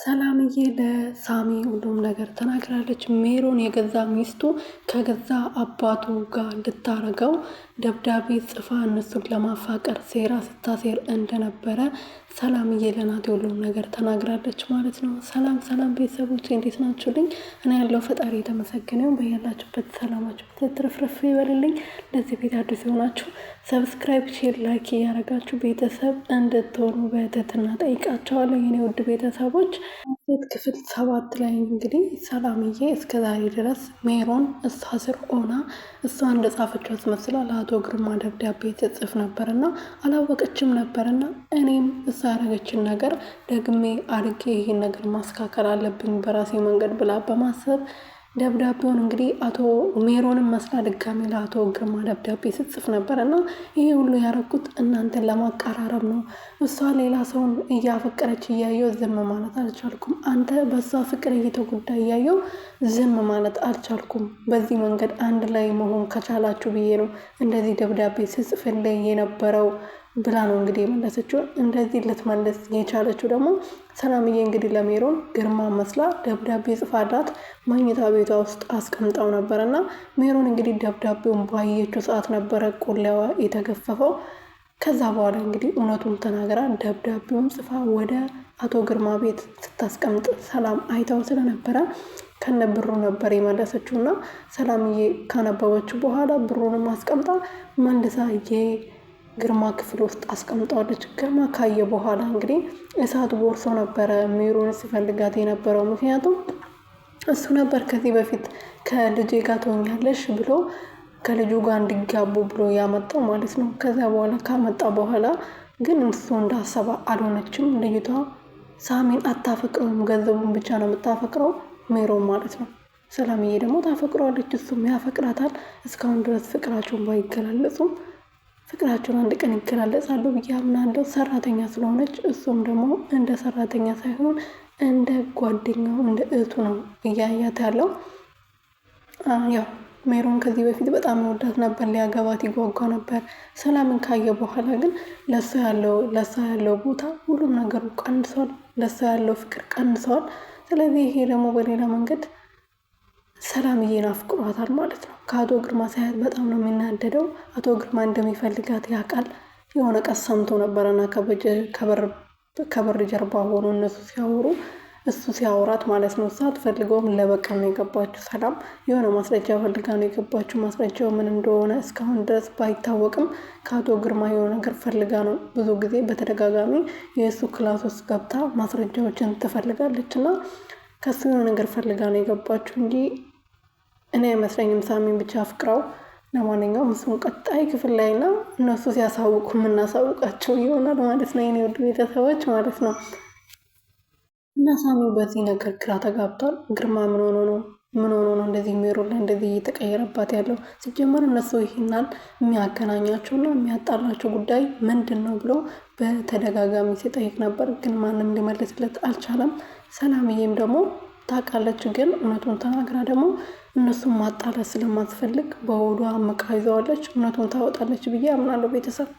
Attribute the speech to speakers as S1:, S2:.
S1: ሰላምዬ ለሳሚ ሁሉም ነገር ተናግራለች። ሜሮን የገዛ ሚስቱ ከገዛ አባቱ ጋር ልታረገው ደብዳቤ ጽፋ እነሱን ለማፋቀር ሴራ ስታሴር እንደነበረ ሰላምዬ ለናት ሁሉም ነገር ተናግራለች ማለት ነው። ሰላም ሰላም ቤተሰቦች እንዴት ናችሁልኝ? እኔ ያለው ፈጣሪ የተመሰገነው በያላችሁበት ሰላማችሁ ትትርፍርፍ ይበልልኝ። ለዚህ ቤት አዲስ የሆናችሁ ሰብስክራይብ፣ ሼር፣ ላይክ እያረጋችሁ ቤተሰብ እንድትሆኑ በትህትና ጠይቃቸዋለሁ የኔ ውድ ቤተሰቦች ሴት ክፍል ሰባት ላይ እንግዲህ ሰላምዬ ዛሬ ድረስ ሜሮን እሷ ስር ሆና እሷ ጻፈችው አስመስላ ለአቶ ግርማ ደብዳቤ ትጽፍ ነበርና አላወቀችም ነበርና እኔም እሷ ያደረገችን ነገር ደግሜ አድጌ ይህን ነገር ማስተካከል አለብኝ በራሴ መንገድ ብላ በማሰብ ደብዳቤውን እንግዲህ አቶ ሜሮንም መስላ ድጋሚ ለአቶ ግርማ ደብዳቤ ስትጽፍ ነበር እና ይሄ ሁሉ ያደረኩት እናንተን ለማቀራረብ ነው። እሷ ሌላ ሰውን እያፈቀረች እያየው ዝም ማለት አልቻልኩም። አንተ በእሷ ፍቅር እየተጎዳ እያየው ዝም ማለት አልቻልኩም። በዚህ መንገድ አንድ ላይ መሆን ከቻላችሁ ብዬ ነው እንደዚህ ደብዳቤ ስጽፍልኝ የነበረው ብላ ነው እንግዲህ የመለሰችው። እንደዚህ ልትመለስ የቻለችው ደግሞ ሰላምዬ እንግዲህ ለሜሮን ግርማ መስላ ደብዳቤ ጽፋላት መኝታ ቤቷ ውስጥ አስቀምጣው ነበር እና ሜሮን እንግዲህ ደብዳቤውን ባየችው ሰዓት ነበረ ቆላዋ የተገፈፈው። ከዛ በኋላ እንግዲህ እውነቱን ተናግራ ደብዳቤውን ጽፋ ወደ አቶ ግርማ ቤት ስታስቀምጥ ሰላም አይተው ስለነበረ ከነ ብሩ ነበር የመለሰችው እና ሰላምዬ ካነበበችው በኋላ ብሩንም አስቀምጣ መልሳ ግርማ ክፍል ውስጥ አስቀምጠዋለች። ግርማ ካየ በኋላ እንግዲህ እሳት ቦርሶ ነበረ ሚሩን ሲፈልጋት የነበረው ምክንያቱም እሱ ነበር ከዚህ በፊት ከልጄ ጋር ትሆኛለሽ ብሎ ከልጁ ጋር እንዲጋቡ ብሎ ያመጣው ማለት ነው። ከዚያ በኋላ ካመጣ በኋላ ግን እሱ እንዳሰባ አልሆነችም ልጅቷ። ሳሚን አታፈቅረውም፣ ገንዘቡን ብቻ ነው የምታፈቅረው ሜሮ ማለት ነው። ሰላምዬ ደግሞ ታፈቅረዋለች፣ እሱም ያፈቅራታል። እስካሁን ድረስ ፍቅራቸውን ባይገላለጹም ፍቅራቸውን አንድ ቀን ይገላለጻሉ ብዬ አምናለሁ። ሰራተኛ ስለሆነች እሱም ደግሞ እንደ ሰራተኛ ሳይሆን እንደ ጓደኛው እንደ እህቱ ነው እያያት ያለው። ያው ሜሮን ከዚህ በፊት በጣም መወዳት ነበር፣ ሊያገባት ይጓጓ ነበር። ሰላምን ካየ በኋላ ግን ለሷ ያለው ለሷ ያለው ቦታ ሁሉም ነገሩ ቀንሷል፣ ለሷ ያለው ፍቅር ቀንሰዋል። ስለዚህ ይሄ ደግሞ በሌላ መንገድ ሰላምዬ ናፍቅሯታል ማለት ነው። ከአቶ ግርማ ሳያት በጣም ነው የሚናደደው። አቶ ግርማ እንደሚፈልጋት ያውቃል። የሆነ ቀስ ሰምቶ ነበረና ከበር ጀርባ ሆኖ እነሱ ሲያወሩ እሱ ሲያወራት ማለት ነው። እሷ አትፈልገውም። ለበቀል ነው የገባችው። ሰላም የሆነ ማስረጃ ፈልጋ ነው የገባችው። ማስረጃው ምን እንደሆነ እስካሁን ድረስ ባይታወቅም ከአቶ ግርማ የሆነ ነገር ፈልጋ ነው። ብዙ ጊዜ በተደጋጋሚ የእሱ ክላስ ውስጥ ገብታ ማስረጃዎችን ትፈልጋለች እና ከሱ የሆነ ነገር ፈልጋ ነው የገባችው እንጂ እኔ አይመስለኝም ሳሚን ብቻ አፍቅረው። ለማንኛውም እሱም ቀጣይ ክፍል ላይ ና እነሱ ሲያሳውቁ የምናሳውቃቸው ይሆናል ማለት ነው፣ የኔ ውድ ቤተሰቦች ማለት ነው። እና ሳሚ በዚህ ነገር ግራ ተጋብቷል። ግርማ ምን ሆኖ ነው ምን ሆኖ ነው እንደዚህ ሜሮ ላይ እንደዚህ እየተቀየረባት ያለው? ሲጀመር እነሱ ይህናል ና የሚያጣላቸው ጉዳይ ምንድን ነው ብሎ በተደጋጋሚ ሲጠይቅ ነበር፣ ግን ማንም ሊመልስለት አልቻለም። ሰላምዬም ደግሞ ታውቃለች። ግን እውነቱን ተናግራ ደግሞ እነሱን ማጣላት ስለማትፈልግ በሆዷ መቃ ይዘዋለች። እውነቱን ታወጣለች ብዬ አምናለሁ ቤተሰብ